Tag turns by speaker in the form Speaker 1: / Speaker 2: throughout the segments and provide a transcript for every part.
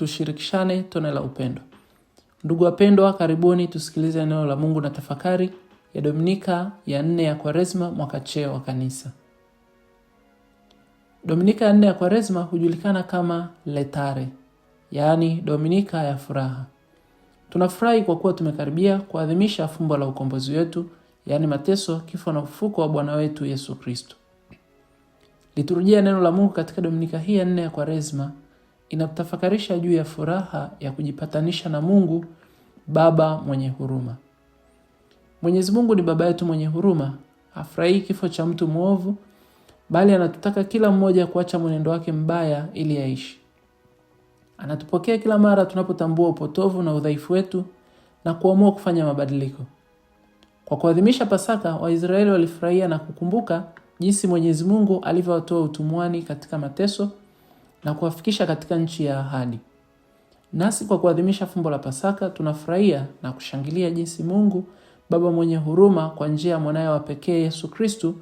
Speaker 1: tushirikishane tone la upendo. Ndugu wapendwa, karibuni tusikilize neno la Mungu na tafakari ya Dominika ya nne ya Kwaresma mwaka C wa Kanisa. Dominika ya nne ya Kwaresma hujulikana kama Letare, yaani Dominika ya furaha. Tunafurahi kwa kuwa tumekaribia kuadhimisha fumbo la ukombozi wetu, yaani mateso, kifo na ufuko wa Bwana wetu Yesu Kristo. Liturujia neno la Mungu katika Dominika hii ya nne ya Kwaresma inatutafakarisha juu ya furaha ya kujipatanisha na Mungu Baba mwenye huruma. Mwenyezi Mungu ni Baba yetu mwenye huruma, hafurahii kifo cha mtu mwovu, bali anatutaka kila mmoja kuacha mwenendo wake mbaya ili aishi. Anatupokea kila mara tunapotambua upotovu na udhaifu wetu na kuamua kufanya mabadiliko. Kwa kuadhimisha Pasaka, Waisraeli walifurahia na kukumbuka jinsi Mwenyezi Mungu alivyowatoa utumwani katika mateso na kuwafikisha katika nchi ya ahadi. Nasi kwa kuadhimisha fumbo la Pasaka tunafurahia na kushangilia jinsi Mungu Baba mwenye huruma kwa njia ya mwanaye wa pekee Yesu Kristu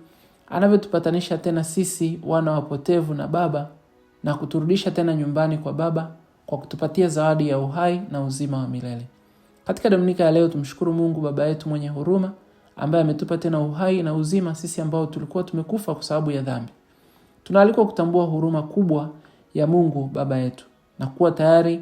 Speaker 1: anavyotupatanisha tena sisi wana wapotevu na Baba na kuturudisha tena nyumbani kwa Baba kwa kutupatia zawadi ya uhai na uzima wa milele. Katika Dominika ya leo tumshukuru Mungu Baba yetu mwenye huruma ambaye ametupa tena uhai na uzima sisi ambao tulikuwa tumekufa kwa sababu ya dhambi. Tunaalikwa kutambua huruma kubwa ya Mungu Baba yetu na kuwa tayari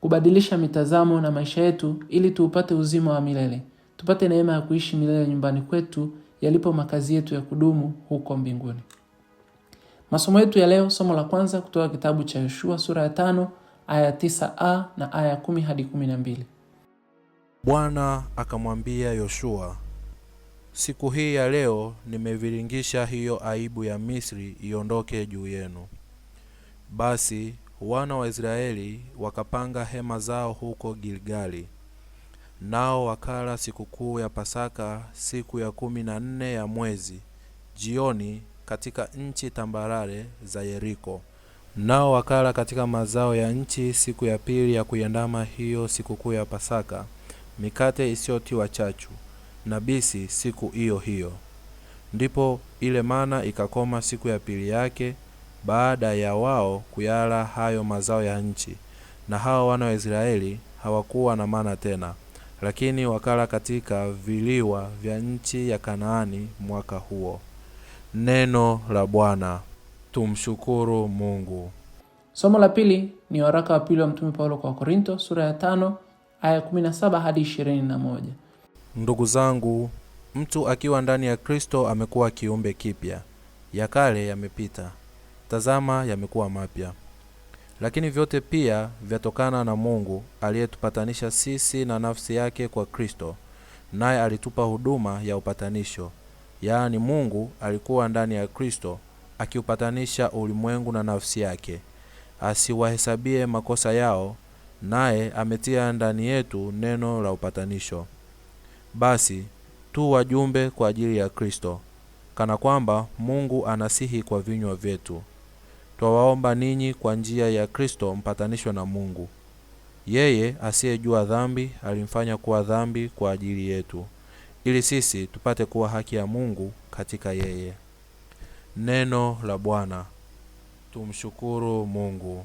Speaker 1: kubadilisha mitazamo na maisha yetu ili tuupate uzima wa milele, tupate neema ya kuishi milele nyumbani kwetu yalipo makazi yetu ya kudumu huko mbinguni. Masomo yetu ya leo, somo la kwanza kutoka kitabu cha Yoshua sura ya tano aya tisa a na aya kumi hadi kumi na mbili. Bwana akamwambia Yoshua, siku hii ya leo nimeviringisha hiyo aibu ya Misri iondoke juu yenu. Basi wana wa Israeli wakapanga hema zao huko Gilgali, nao wakala sikukuu ya Pasaka siku ya kumi na nne ya mwezi jioni, katika nchi tambarare za Yeriko. Nao wakala katika mazao ya nchi siku ya pili ya kuiandama hiyo sikukuu ya Pasaka, mikate isiyotiwa chachu na bisi siku hiyo hiyo. Ndipo ile mana ikakoma siku ya pili yake baada ya wao kuyala hayo mazao ya nchi. Na hao wana wa Israeli hawakuwa na mana tena, lakini wakala katika viliwa vya nchi ya Kanaani mwaka huo. Neno la Bwana. Tumshukuru Mungu.
Speaker 2: Somo la pili ni waraka wa pili wa Mtume Paulo kwa Korinto sura ya tano aya 17 hadi
Speaker 1: Ndugu zangu, mtu akiwa ndani ya Kristo amekuwa kiumbe kipya, ya kale yamepita, tazama yamekuwa mapya. Lakini vyote pia vyatokana na Mungu aliyetupatanisha sisi na nafsi yake kwa Kristo, naye alitupa huduma ya upatanisho. Yaani, Mungu alikuwa ndani ya Kristo akiupatanisha ulimwengu na nafsi yake, asiwahesabie makosa yao, naye ametia ndani yetu neno la upatanisho. Basi tu wajumbe kwa ajili ya Kristo, kana kwamba Mungu anasihi kwa vinywa vyetu twawaomba ninyi kwa njia ya Kristo mpatanishwe na Mungu. Yeye asiyejua dhambi alimfanya kuwa dhambi kwa ajili yetu, ili sisi tupate kuwa haki ya Mungu katika yeye. Neno la Bwana. Tumshukuru Mungu.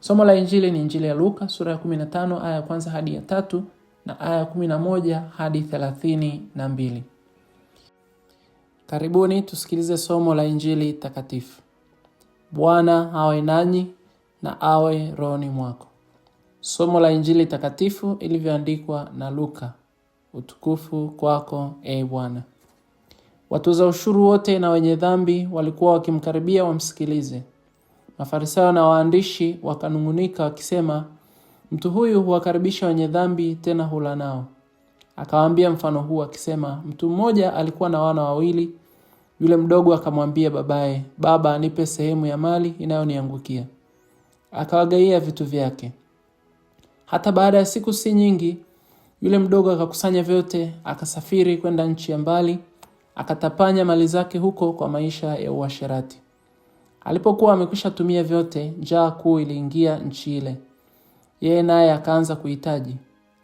Speaker 2: Somo la Injili ni Injili ya Luka sura ya 15 aya ya kwanza hadi ya tatu na aya ya 11 hadi 32. Karibuni tusikilize somo la Injili takatifu. Bwana awe nanyi na awe rohoni mwako. Somo la Injili takatifu ilivyoandikwa na Luka. Utukufu kwako e Bwana. Watoza ushuru wote na wenye dhambi walikuwa wakimkaribia wamsikilize. Mafarisayo na waandishi wakanung'unika wakisema, mtu huyu huwakaribisha wenye dhambi, tena hula nao. Akawaambia mfano huu akisema, mtu mmoja alikuwa na wana wawili yule mdogo akamwambia babaye, baba nipe sehemu ya mali inayoniangukia. Akawagaia vitu vyake. Hata baada ya siku si nyingi, yule mdogo akakusanya vyote, akasafiri kwenda nchi ya mbali, akatapanya mali zake huko kwa maisha ya uasherati. Alipokuwa amekwisha tumia vyote, njaa kuu iliingia nchi ile. Yeye naye akaanza kuhitaji.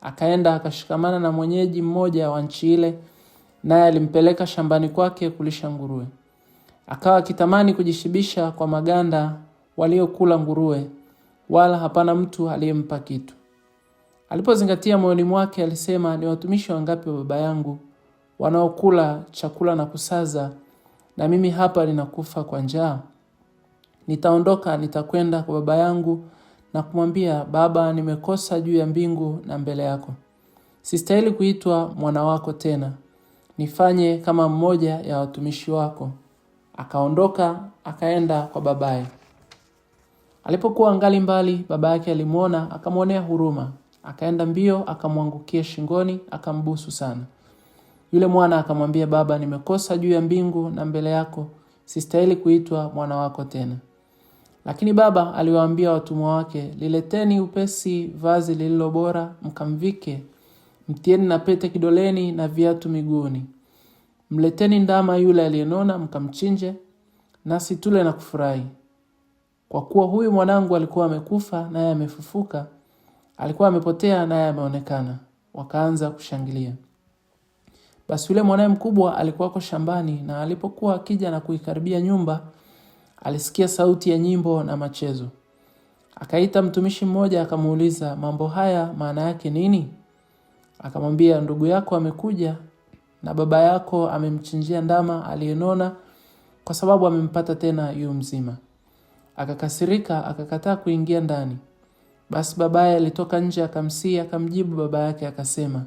Speaker 2: Akaenda akashikamana na mwenyeji mmoja wa nchi ile naye alimpeleka shambani kwake kulisha nguruwe. Akawa akitamani kujishibisha kwa maganda waliokula nguruwe, wala hapana mtu aliyempa kitu. Alipozingatia moyoni mwake, alisema, ni watumishi wangapi wa baba yangu wanaokula chakula na kusaza, na mimi hapa ninakufa kwa njaa? Nitaondoka, nitakwenda kwa baba yangu na kumwambia, Baba, nimekosa juu ya mbingu na mbele yako, sistahili kuitwa mwana wako tena nifanye kama mmoja ya watumishi wako. Akaondoka akaenda kwa babaye. Alipokuwa angali mbali, baba yake alimwona, akamwonea huruma, akaenda mbio, akamwangukia shingoni, akambusu sana. Yule mwana akamwambia, baba, nimekosa juu ya mbingu na mbele yako, sistahili kuitwa mwana wako tena. Lakini baba aliwaambia watumwa wake, lileteni upesi vazi lililobora mkamvike mtieni na pete kidoleni na viatu miguuni. Mleteni ndama yule aliyenona, mkamchinje, nasi tule na kufurahi, kwa kuwa huyu mwanangu alikuwa amekufa, naye amefufuka; alikuwa amepotea, naye ameonekana. Wakaanza kushangilia. Basi yule mwanaye mkubwa alikuwako shambani, na alipokuwa akija na kuikaribia nyumba, alisikia sauti ya nyimbo na machezo. Akaita mtumishi mmoja, akamuuliza, mambo haya maana yake nini? akamwambia, ndugu yako amekuja na baba yako amemchinjia ndama aliyenona kwa sababu amempata tena yu mzima. Akakasirika, akakataa kuingia ndani. Basi babaye alitoka nje akamsii akamjibu baba yake akasema,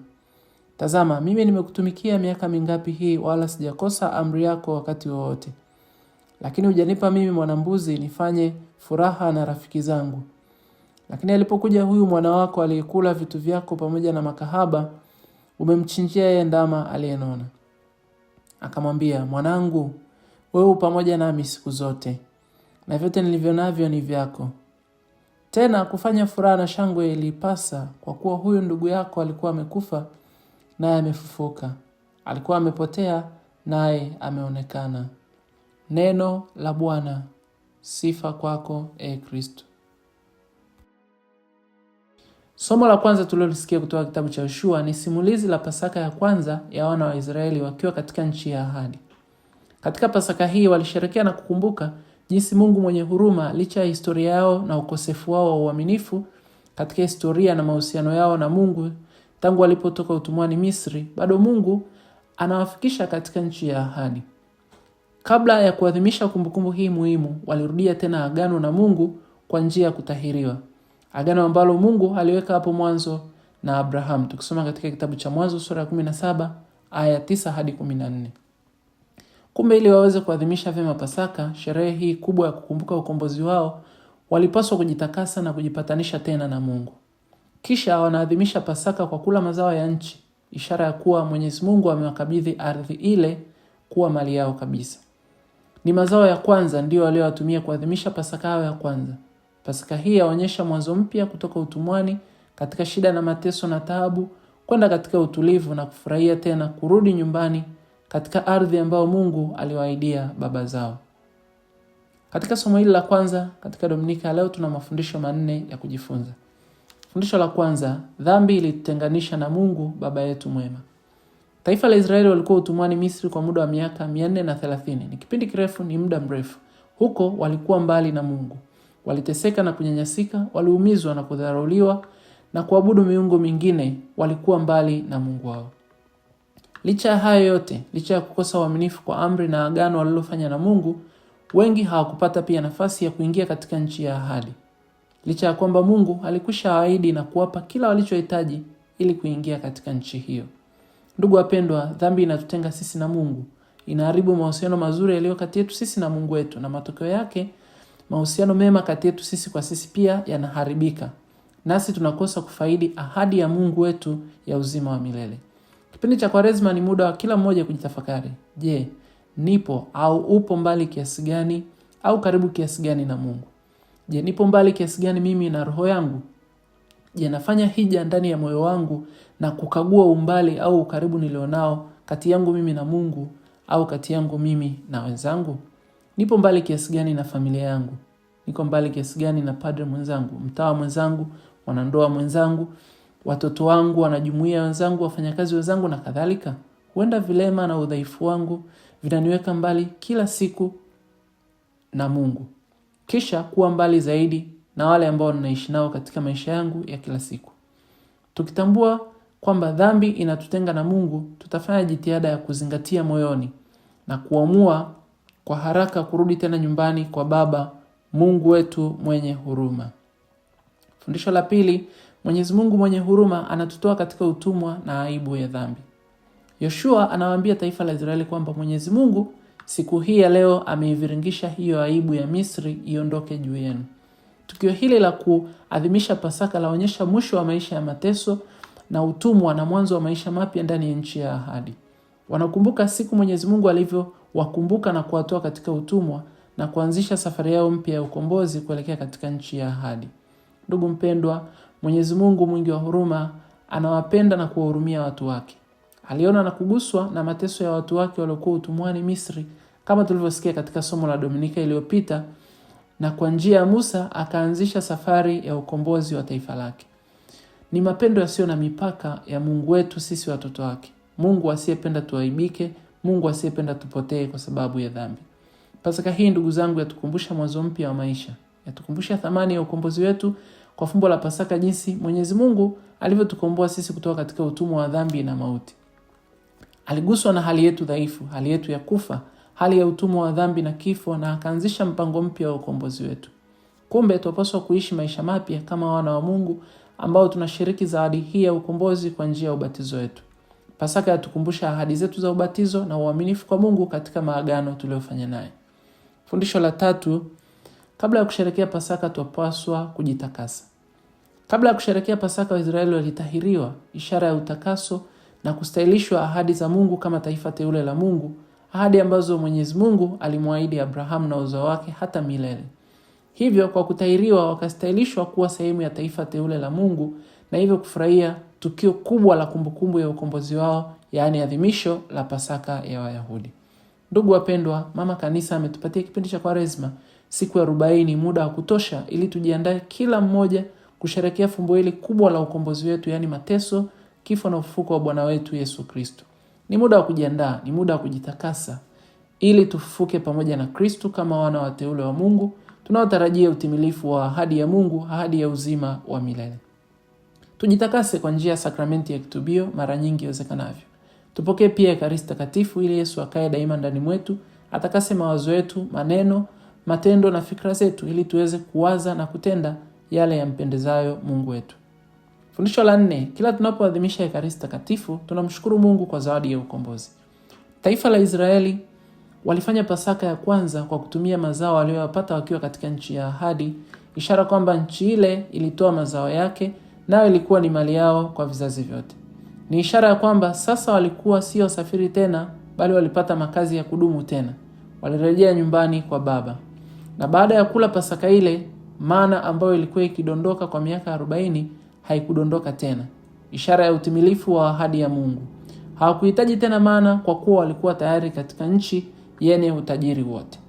Speaker 2: tazama, mimi nimekutumikia miaka mingapi hii, wala sijakosa amri yako wakati wowote, lakini hujanipa mimi mwanambuzi nifanye furaha na rafiki zangu. Lakini alipokuja huyu mwana wako aliyekula vitu vyako pamoja na makahaba, umemchinjia yeye ndama aliyenona. Akamwambia, mwanangu, wewe pamoja nami siku zote na vyote nilivyo navyo ni vyako. Tena kufanya furaha na shangwe ilipasa, kwa kuwa huyu ndugu yako alikuwa amekufa naye amefufuka, alikuwa amepotea naye ameonekana. Neno la Bwana. Sifa kwako, e Kristo. Somo la kwanza tulilosikia kutoka kitabu cha Yoshua ni simulizi la Pasaka ya kwanza ya wana wa Israeli wakiwa katika nchi ya ahadi. Katika Pasaka hii walisherekea na kukumbuka jinsi Mungu mwenye huruma, licha ya historia yao na ukosefu wao wa uaminifu katika historia na mahusiano yao na Mungu tangu walipotoka utumwani Misri, bado Mungu anawafikisha katika nchi ya ahadi. Kabla ya kuadhimisha kumbukumbu hii muhimu, walirudia tena agano na Mungu kwa njia ya kutahiriwa agano ambalo Mungu aliweka hapo mwanzo na Abraham. Tukisoma katika kitabu cha Mwanzo sura ya 17 aya 9 hadi 14. Kumbe ili waweze kuadhimisha vyema Pasaka, sherehe hii kubwa ya kukumbuka ukombozi wao, walipaswa kujitakasa na kujipatanisha tena na Mungu. Kisha wanaadhimisha Pasaka kwa kula mazao ya nchi, ishara ya kuwa Mwenyezi Mungu amewakabidhi ardhi ile kuwa mali yao kabisa. Ni mazao ya kwanza ndiyo waliowatumia kuadhimisha Pasaka yao ya kwanza. Pasaka hii yaonyesha mwanzo mpya kutoka utumwani katika shida na mateso na taabu kwenda katika utulivu na kufurahia tena kurudi nyumbani katika ardhi ambayo Mungu aliwaahidia baba zao. Katika somo hili la kwanza katika Dominika leo tuna mafundisho manne ya kujifunza. Fundisho la kwanza, dhambi ilitutenganisha na Mungu baba yetu mwema. Taifa la Israeli walikuwa utumwani Misri kwa muda wa miaka 430. Ni kipindi kirefu, ni muda mrefu. Huko walikuwa mbali na Mungu waliteseka na kunyanyasika, waliumizwa na kudharauliwa na kuabudu miungu mingine, walikuwa mbali na Mungu wao. Licha ya hayo yote, licha ya kukosa uaminifu kwa amri na agano walilofanya na Mungu, wengi hawakupata pia nafasi ya kuingia katika nchi ya ahadi, licha ya kwamba Mungu alikwisha ahidi na kuwapa kila walichohitaji ili kuingia katika nchi hiyo. Ndugu wapendwa, dhambi inatutenga sisi na Mungu, inaharibu mahusiano mazuri yaliyo kati yetu sisi na Mungu wetu, na matokeo yake mahusiano mema kati yetu sisi kwa sisi pia yanaharibika, nasi tunakosa kufaidi ahadi ya Mungu wetu ya uzima wa milele. Kipindi cha Kwaresma ni muda wa kila mmoja kujitafakari. Je, nipo au upo mbali kiasi gani au karibu kiasi gani na Mungu? Je, nipo mbali kiasi gani mimi na roho yangu? Je, nafanya hija ndani ya moyo wangu na kukagua umbali au ukaribu nilionao kati yangu mimi na Mungu au kati yangu mimi na wenzangu? Nipo mbali kiasi gani na familia yangu? Niko mbali kiasi gani na padre mwenzangu, mtawa mwenzangu, wanandoa mwenzangu, watoto wangu, wanajumuia wenzangu, wafanyakazi wenzangu na kadhalika? Huenda vilema na udhaifu wangu vinaniweka mbali kila siku na Mungu, kisha kuwa mbali zaidi na wale ambao ninaishi nao katika maisha yangu ya kila siku. Tukitambua kwamba dhambi inatutenga na Mungu, tutafanya jitihada ya kuzingatia moyoni na kuamua kwa haraka kurudi tena nyumbani kwa Baba Mungu wetu mwenye huruma. Fundisho la pili, Mwenyezi Mungu mwenye huruma anatutoa katika utumwa na aibu ya dhambi. Yoshua anawaambia taifa la Israeli kwamba Mwenyezi Mungu siku hii ya leo ameiviringisha hiyo aibu ya Misri iondoke juu yenu. Tukio hili la kuadhimisha Pasaka laonyesha mwisho wa maisha ya mateso na utumwa na mwanzo wa maisha mapya ndani ya nchi ya ahadi. Wanakumbuka siku Mwenyezi Mungu alivyo wakumbuka na kuwatoa katika utumwa na kuanzisha safari yao mpya ya ukombozi kuelekea katika nchi ya ahadi. Ndugu mpendwa, Mwenyezi Mungu mwingi wa huruma anawapenda na kuwahurumia watu wake. Aliona na kuguswa na mateso ya watu wake waliokuwa utumwani Misri, kama tulivyosikia katika somo la Dominika iliyopita, na kwa njia ya Musa akaanzisha safari ya ukombozi wa taifa lake. Ni mapendo yasiyo na mipaka ya Mungu wetu sisi watoto wake, Mungu asiyependa tuaibike Mungu asiyependa tupotee kwa sababu ya dhambi. Pasaka hii ndugu zangu, yatukumbusha mwanzo mpya wa maisha, yatukumbusha thamani ya ukombozi wetu kwa fumbo la Pasaka, jinsi Mwenyezi Mungu alivyotukomboa sisi kutoka katika utumwa wa dhambi na mauti. Aliguswa na hali yetu dhaifu, hali yetu ya kufa, hali ya utumwa wa dhambi na kifo, na akaanzisha mpango mpya wa ukombozi wetu. Kumbe tunapaswa kuishi maisha mapya kama wana wa Mungu ambao tunashiriki zawadi hii ya ukombozi kwa njia ya ubatizo wetu. Pasaka yatukumbusha ahadi zetu za ubatizo na uaminifu kwa Mungu katika maagano tuliyofanya naye. Fundisho la tatu, kabla ya kusherekea Pasaka twapaswa kujitakasa. Kabla ya kusherekea Pasaka, Waisraeli walitahiriwa, ishara ya utakaso na kustahilishwa ahadi za Mungu kama taifa teule la Mungu, ahadi ambazo Mwenyezi Mungu alimwahidi Abrahamu na uzao wake hata milele. Hivyo kwa kutahiriwa wakastahilishwa kuwa sehemu ya taifa teule la Mungu na hivyo kufurahia tukio kubwa la kumbukumbu ya ukombozi wao, yaani adhimisho la Pasaka ya Wayahudi. Ndugu wapendwa, Mama Kanisa ametupatia kipindi cha Kwaresma, siku ya arobaini, muda wa kutosha ili tujiandae kila mmoja kusherekea fumbo hili kubwa la ukombozi wetu, yaani mateso, kifo na ufuko wa Bwana wetu Yesu Kristo. Ni muda wa kujiandaa, ni muda wa kujitakasa ili tufufuke pamoja na kristu kama wana wateule wa Mungu tunaotarajia utimilifu wa ahadi ya Mungu, ahadi ya uzima wa milele. Tujitakase kwa njia ya sakramenti ya kitubio mara nyingi iwezekanavyo. Tupokee pia Ekaristi Takatifu ili Yesu akaye daima ndani mwetu, atakase mawazo yetu, maneno, matendo na fikra zetu ili tuweze kuwaza na kutenda yale yampendezayo Mungu wetu. Fundisho la nne: kila tunapoadhimisha Ekaristi Takatifu tunamshukuru Mungu kwa zawadi ya ukombozi. Taifa la Israeli walifanya Pasaka ya kwanza kwa kutumia mazao waliyoyapata wakiwa katika nchi ya ahadi, ishara kwamba nchi ile ilitoa mazao yake nayo ilikuwa ni mali yao kwa vizazi vyote. Ni ishara ya kwamba sasa walikuwa sio wasafiri tena, bali walipata makazi ya kudumu tena. Walirejea nyumbani kwa Baba. Na baada ya kula Pasaka ile, mana ambayo ilikuwa ikidondoka kwa miaka arobaini haikudondoka tena, ishara ya utimilifu wa ahadi ya Mungu. Hawakuhitaji tena mana, kwa kuwa walikuwa tayari katika nchi yenye utajiri wote.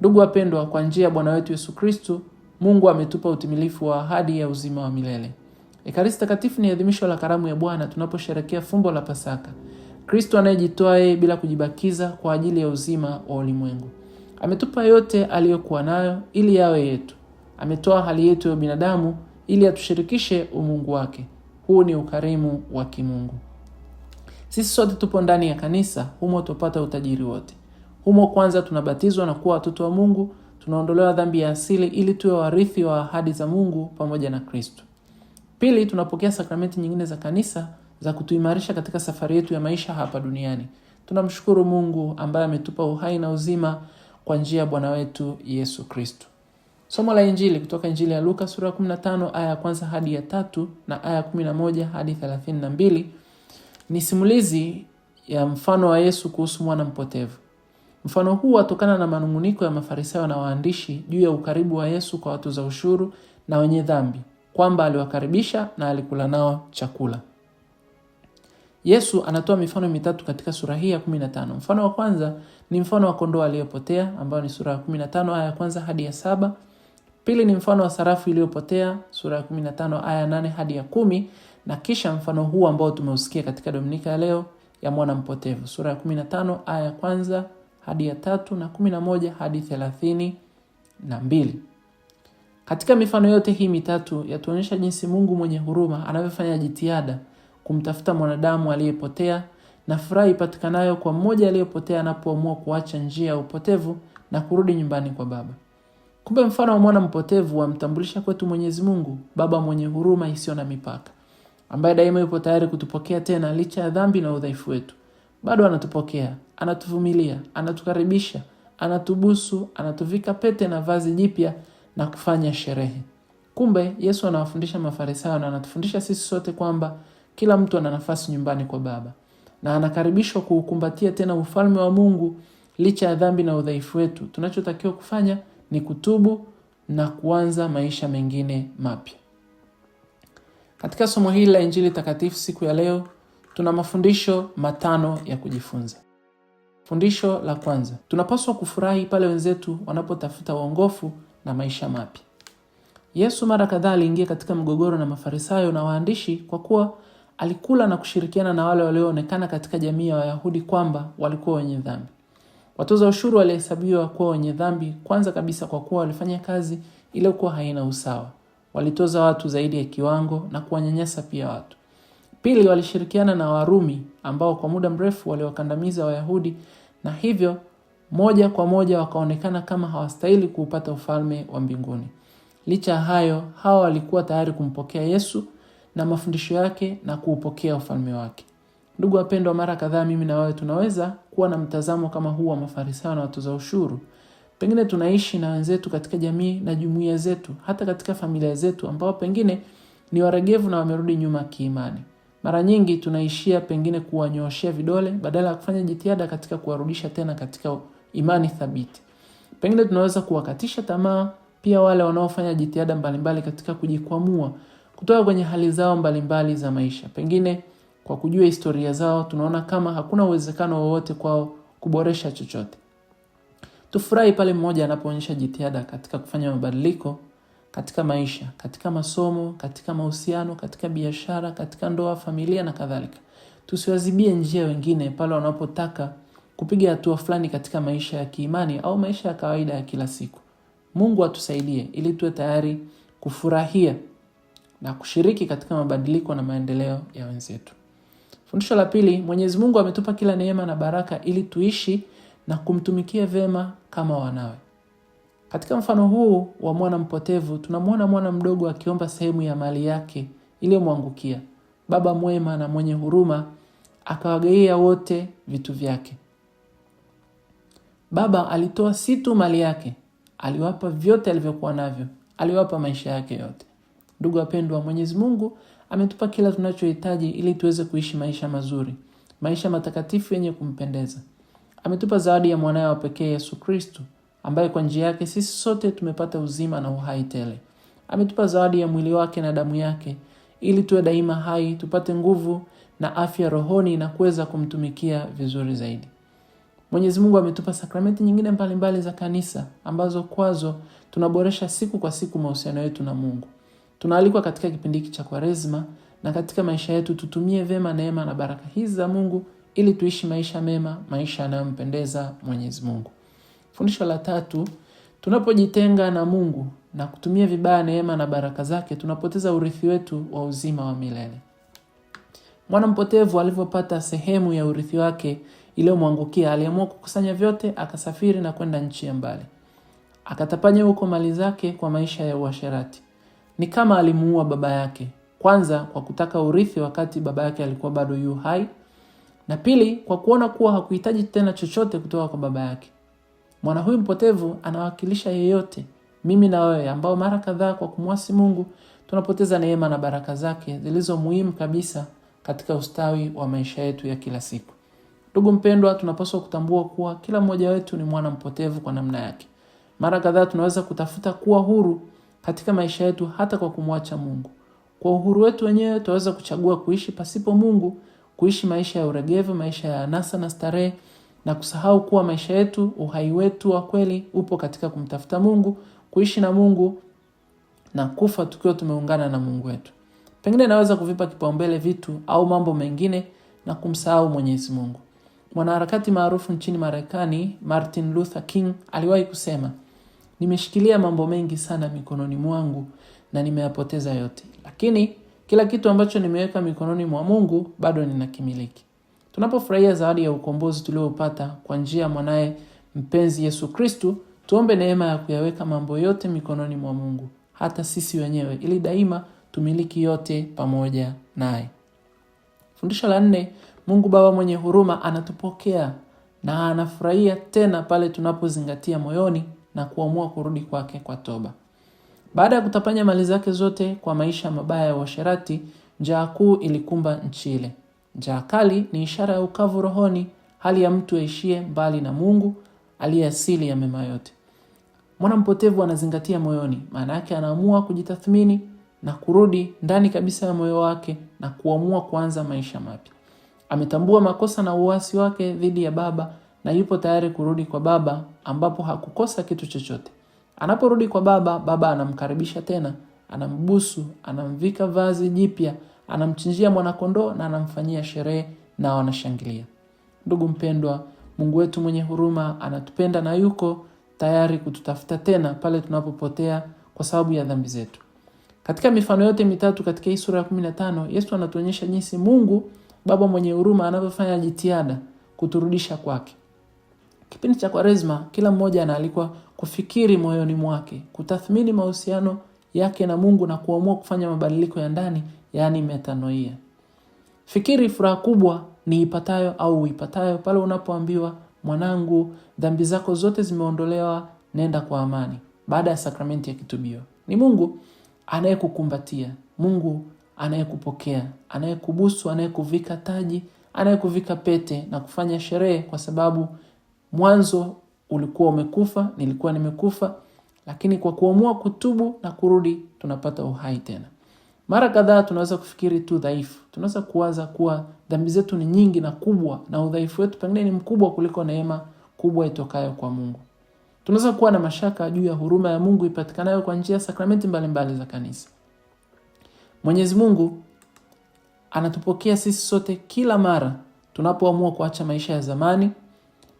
Speaker 2: Ndugu wapendwa, kwa njia ya Bwana wetu Yesu kristu Mungu ametupa utimilifu wa ahadi ya uzima wa milele. Ekaristi Takatifu ni adhimisho la karamu ya Bwana tunaposherekea fumbo la Pasaka. Kristo anayejitoa yeye bila kujibakiza kwa ajili ya uzima wa ulimwengu. Ametupa yote aliyokuwa nayo ili yawe yetu. Ametoa hali yetu ya binadamu ili atushirikishe umungu wake. Huu ni ukarimu wa kimungu. Sisi sote tupo ndani ya kanisa, humo tupata utajiri wote. Humo kwanza tunabatizwa na kuwa watoto wa Mungu, tunaondolewa dhambi ya asili ili tuwe warithi wa ahadi za Mungu pamoja na Kristo. Pili, tunapokea sakramenti nyingine za kanisa za kutuimarisha katika safari yetu ya maisha hapa duniani. Tunamshukuru Mungu ambaye ametupa uhai na uzima kwa njia ya Bwana wetu Yesu Kristo. Somo la Injili kutoka Injili ya Luka sura 15 aya ya kwanza hadi ya tatu na aya 11 hadi 32 ni simulizi ya mfano wa Yesu kuhusu mwana mpotevu. Mfano huu watokana na manunguniko ya Mafarisayo na waandishi juu ya ukaribu wa Yesu kwa watu za ushuru na wenye dhambi kwamba aliwakaribisha na alikula nao chakula. Yesu anatoa mifano mitatu katika sura hii ya 15. Mfano wa kwanza ni mfano wa kondoo aliyopotea ambayo ni sura ya 15 aya ya kwanza hadi ya saba. Pili ni mfano wa sarafu iliyopotea sura ya 15 aya ya 8 hadi ya kumi, na kisha mfano huu ambao tumeusikia katika Dominika ya leo ya mwana mpotevu sura ya 15 aya ya kwanza hadi ya tatu na 11 hadi 32. Katika mifano yote hii mitatu yatuonyesha jinsi Mungu mwenye huruma anavyofanya jitihada kumtafuta mwanadamu aliyepotea na furaha ipatikanayo kwa mmoja aliyepotea anapoamua kuacha njia ya upotevu na kurudi nyumbani kwa Baba. Kumbe mfano wa mwana mpotevu wamtambulisha kwetu Mwenyezi Mungu, Baba mwenye huruma isiyo na mipaka, ambaye daima yupo tayari kutupokea tena licha ya dhambi na udhaifu wetu. Bado anatupokea, anatuvumilia, anatukaribisha, anatubusu, anatuvika pete na vazi jipya na kufanya sherehe. Kumbe Yesu anawafundisha Mafarisayo na anatufundisha sisi sote kwamba kila mtu ana nafasi nyumbani kwa Baba na anakaribishwa kuukumbatia tena ufalme wa Mungu licha ya dhambi na udhaifu wetu. Tunachotakiwa kufanya ni kutubu na kuanza maisha mengine mapya. Katika somo hili la Injili takatifu siku ya leo tuna mafundisho matano ya kujifunza. Fundisho la kwanza, tunapaswa kufurahi pale wenzetu wanapotafuta uongofu na maisha mapya. Yesu mara kadhaa aliingia katika mgogoro na Mafarisayo na waandishi kwa kuwa alikula na kushirikiana na wale walioonekana katika jamii ya Wayahudi kwamba walikuwa wenye dhambi. Watoza ushuru walihesabiwa kuwa wenye dhambi kwanza kabisa kwa kuwa walifanya kazi iliyokuwa haina usawa. Walitoza watu zaidi ya kiwango na kuwanyanyasa pia watu. Pili, walishirikiana na Warumi ambao kwa muda mrefu waliwakandamiza Wayahudi na hivyo moja kwa moja wakaonekana kama hawastahili kuupata ufalme wa mbinguni. Licha ya hayo, hawa walikuwa tayari kumpokea Yesu na mafundisho yake na kuupokea ufalme wake. Ndugu wapendwa, mara kadhaa mimi na wewe tunaweza kuwa na mtazamo kama huu wa Mafarisayo na watoza ushuru. Pengine tunaishi na wenzetu katika jamii na jumuiya zetu, hata katika familia zetu, ambao pengine ni waregevu na wamerudi nyuma kiimani. Mara nyingi tunaishia pengine kuwanyooshea vidole badala ya kufanya jitihada katika kuwarudisha tena katika imani thabiti. Pengine tunaweza kuwakatisha tamaa pia wale wanaofanya jitihada mbalimbali katika kujikwamua kutoka kwenye hali zao mbalimbali za maisha. Pengine kwa kujua historia zao tunaona kama hakuna uwezekano wowote kwao kuboresha chochote. Tufurahi pale mmoja anapoonyesha jitihada katika kufanya mabadiliko katika maisha, katika masomo, katika mahusiano, katika biashara, katika ndoa, familia na kadhalika. Tusiwazibie njia wengine pale wanapotaka kupiga hatua fulani katika maisha ya kiimani au maisha ya kawaida ya kila siku. Mungu atusaidie ili tuwe tayari kufurahia na kushiriki katika mabadiliko na maendeleo ya wenzetu. Fundisho la pili, Mwenyezi Mungu ametupa kila neema na baraka ili tuishi na kumtumikia vema kama wanawe. Katika mfano huu wa mwana mpotevu, tunamwona mwana mdogo akiomba sehemu ya mali yake iliyomwangukia. Baba mwema na mwenye huruma akawagaia wote vitu vyake. Baba alitoa si tu mali yake, aliwapa vyote alivyokuwa navyo, aliwapa maisha yake yote. Ndugu wapendwa, Mwenyezi Mungu ametupa kila tunachohitaji ili tuweze kuishi maisha mazuri, maisha matakatifu yenye kumpendeza. Ametupa zawadi ya mwanawe wa pekee Yesu kristu ambaye kwa njia yake sisi sote tumepata uzima na uhai tele. Ametupa zawadi ya mwili wake na damu yake ili tuwe daima hai, tupate nguvu na afya rohoni na kuweza kumtumikia vizuri zaidi. Mwenyezi Mungu ametupa sakramenti nyingine mbalimbali za kanisa ambazo kwazo tunaboresha siku kwa siku mahusiano yetu na Mungu. Tunaalikwa katika kipindi hiki cha Kwaresma na katika maisha yetu tutumie vema neema na baraka hizi za Mungu ili tuishi maisha mema, maisha yanayompendeza Mwenyezi Mungu. Fundisho la tatu, tunapojitenga na Mungu na kutumia vibaya neema na baraka zake, tunapoteza urithi wetu wa uzima wa milele. Mwana mpotevu alivyopata sehemu ya urithi wake iliyomwangukia aliamua kukusanya vyote, akasafiri na kwenda nchi ya mbali, akatapanya huko mali zake kwa maisha ya uasherati. Ni kama alimuua baba yake, kwanza kwa kutaka urithi wakati baba yake alikuwa bado yu hai, na pili kwa kuona kuwa hakuhitaji tena chochote kutoka kwa baba yake. Mwana huyu mpotevu anawakilisha yeyote, mimi na wewe, ambao mara kadhaa kwa kumwasi Mungu tunapoteza neema na baraka zake zilizo muhimu kabisa katika ustawi wa maisha yetu ya kila siku. Ndugu mpendwa, tunapaswa kutambua kuwa kila mmoja wetu ni mwana mpotevu kwa namna yake. Mara kadhaa tunaweza kutafuta kuwa huru katika maisha yetu hata kwa kumwacha Mungu. Kwa uhuru wetu wenyewe tunaweza kuchagua kuishi pasipo Mungu, kuishi maisha ya uregevu, maisha ya anasa na starehe, na kusahau kuwa maisha yetu, uhai wetu wa kweli upo katika kumtafuta Mungu, kuishi na Mungu na kufa tukiwa tumeungana na Mungu wetu. Pengine naweza kuvipa kipaumbele vitu au mambo mengine na kumsahau Mwenyezi Mungu. Mwanaharakati maarufu nchini Marekani Martin Luther King aliwahi kusema, nimeshikilia mambo mengi sana mikononi mwangu na nimeyapoteza yote, lakini kila kitu ambacho nimeweka mikononi mwa Mungu bado ninakimiliki. Tunapofurahia zawadi ya ukombozi tuliopata kwa njia mwanaye mpenzi Yesu Kristu, tuombe neema ya kuyaweka mambo yote mikononi mwa Mungu, hata sisi wenyewe, ili daima tumiliki yote pamoja naye. Fundisho la nne: Mungu Baba mwenye huruma anatupokea na anafurahia tena pale tunapozingatia moyoni na kuamua kurudi kwake kwa toba. Baada ya kutapanya mali zake zote kwa maisha mabaya ya uasherati, njaa kuu ilikumba nchi ile. Njaa kali ni ishara ya ukavu rohoni, hali ya mtu aishie mbali na Mungu aliye asili ya mema yote. Mwana mpotevu anazingatia moyoni, maana yake anaamua kujitathmini na kurudi ndani kabisa ya moyo wake na kuamua kuanza maisha mapya. Ametambua makosa na uasi wake dhidi ya baba na yupo tayari kurudi kwa baba ambapo hakukosa kitu chochote. Anaporudi kwa baba, baba anamkaribisha tena, anambusu, anamvika vazi jipya, anamchinjia mwanakondoo na anamfanyia sherehe na wanashangilia. Ndugu mpendwa, Mungu wetu mwenye huruma anatupenda na yuko tayari kututafuta tena pale tunapopotea kwa sababu ya dhambi zetu. Katika mifano yote mitatu katika hii sura ya 15, Yesu anatuonyesha jinsi Mungu Baba mwenye huruma anavyofanya jitihada kuturudisha kwake. Kipindi cha Kwaresma, kila mmoja anaalikwa kufikiri moyoni mwake, kutathmini mahusiano yake na Mungu na kuamua kufanya mabadiliko ya ndani, yaani metanoia. Fikiri furaha kubwa ni ipatayo au uipatayo pale unapoambiwa, mwanangu, dhambi zako zote zimeondolewa, nenda kwa amani, baada ya sakramenti ya kitubio. Ni Mungu anayekukumbatia, Mungu anayekupokea, anayekubusu, anayekuvika taji, anayekuvika pete na kufanya sherehe, kwa sababu mwanzo ulikuwa umekufa, nilikuwa nimekufa, lakini kwa kuamua kutubu na kurudi tunapata uhai tena. Mara kadhaa tunaweza kufikiri tu dhaifu, tunaweza kuwaza kuwa dhambi zetu ni nyingi na kubwa, na udhaifu wetu pengine ni mkubwa kuliko neema kubwa itokayo kwa Mungu. Tunaweza kuwa na mashaka juu ya huruma ya Mungu ipatikanayo kwa njia ya sakramenti mbalimbali za kanisa. Mwenyezi Mungu anatupokea sisi sote kila mara tunapoamua kuacha maisha ya zamani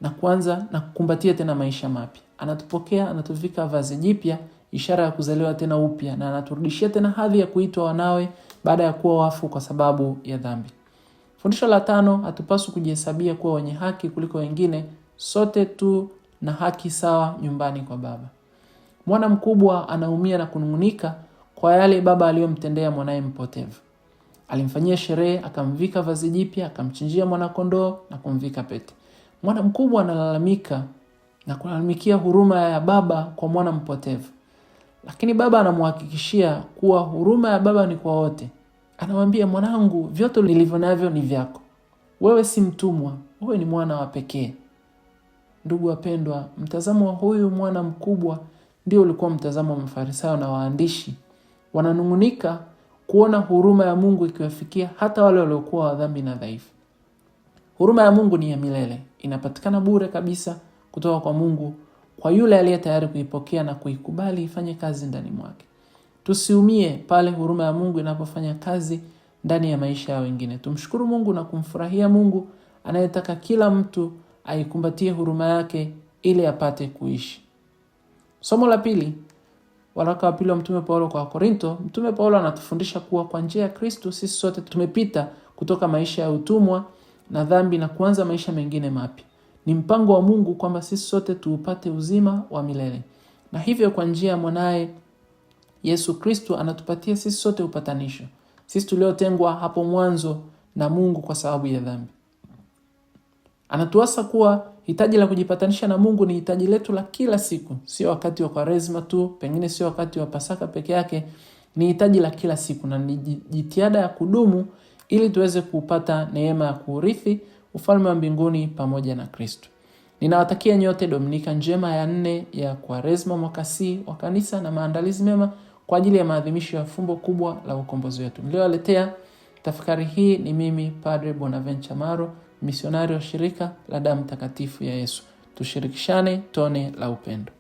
Speaker 2: na kuanza na kukumbatia tena maisha mapya. Anatupokea, anatuvika vazi jipya, ishara ya kuzaliwa tena upya, na anaturudishia tena hadhi ya kuitwa wanawe baada ya kuwa wafu kwa sababu ya dhambi. Fundisho la tano, hatupaswi kujihesabia kuwa wenye haki kuliko wengine. Sote tu na haki sawa nyumbani kwa Baba. Mwana mkubwa anaumia na kunung'unika kwa yale baba aliyomtendea mwanaye mpotevu. Alimfanyia sherehe, akamvika vazi jipya, akamchinjia mwanakondoo na kumvika pete. Mwana mkubwa analalamika na kulalamikia huruma ya baba kwa mwana mpotevu, lakini baba anamhakikishia kuwa huruma ya baba ni kwa wote. Anamwambia, mwanangu, vyote nilivyo navyo ni vyako. Wewe si mtumwa, wewe ni mwana wa pekee. Ndugu wapendwa, mtazamo wa huyu mwana mkubwa ndio ulikuwa mtazamo wa Mafarisayo na waandishi wananung'unika kuona huruma ya Mungu ikiwafikia hata wale waliokuwa wadhambi na dhaifu. Huruma ya Mungu ni ya milele, inapatikana bure kabisa kutoka kwa Mungu kwa yule aliye tayari kuipokea na kuikubali ifanye kazi ndani mwake. Tusiumie pale huruma ya Mungu inapofanya kazi ndani ya maisha ya wengine. Tumshukuru Mungu na kumfurahia Mungu anayetaka kila mtu aikumbatie huruma yake ili apate kuishi. Somo la pili Waraka wa pili wa Mtume Paulo kwa Wakorinto, Mtume Paulo anatufundisha kuwa kwa njia ya Kristo sisi sote tumepita kutoka maisha ya utumwa na dhambi na kuanza maisha mengine mapya. Ni mpango wa Mungu kwamba sisi sote tuupate uzima wa milele, na hivyo kwa njia ya mwanaye Yesu Kristo anatupatia sisi sote upatanisho, sisi tuliotengwa hapo mwanzo na Mungu kwa sababu ya dhambi. Anatuasa kuwa Hitaji la kujipatanisha na Mungu ni hitaji letu la kila siku, sio wakati wa Kwaresma tu, pengine sio wakati wa Pasaka peke yake. Ni hitaji la kila siku na ni jitihada ya kudumu ili tuweze kupata neema ya kuurithi ufalme wa mbinguni pamoja na Kristo. Ninawatakia nyote Dominika njema ya nne ya Kwaresma mwaka si wa kanisa na maandalizi mema kwa ajili ya maadhimisho ya fumbo kubwa la ukombozi wetu. Niliyowaletea tafakari hii ni mimi Padre Bonaventure Maro misionari wa shirika la damu takatifu ya Yesu. Tushirikishane tone la upendo.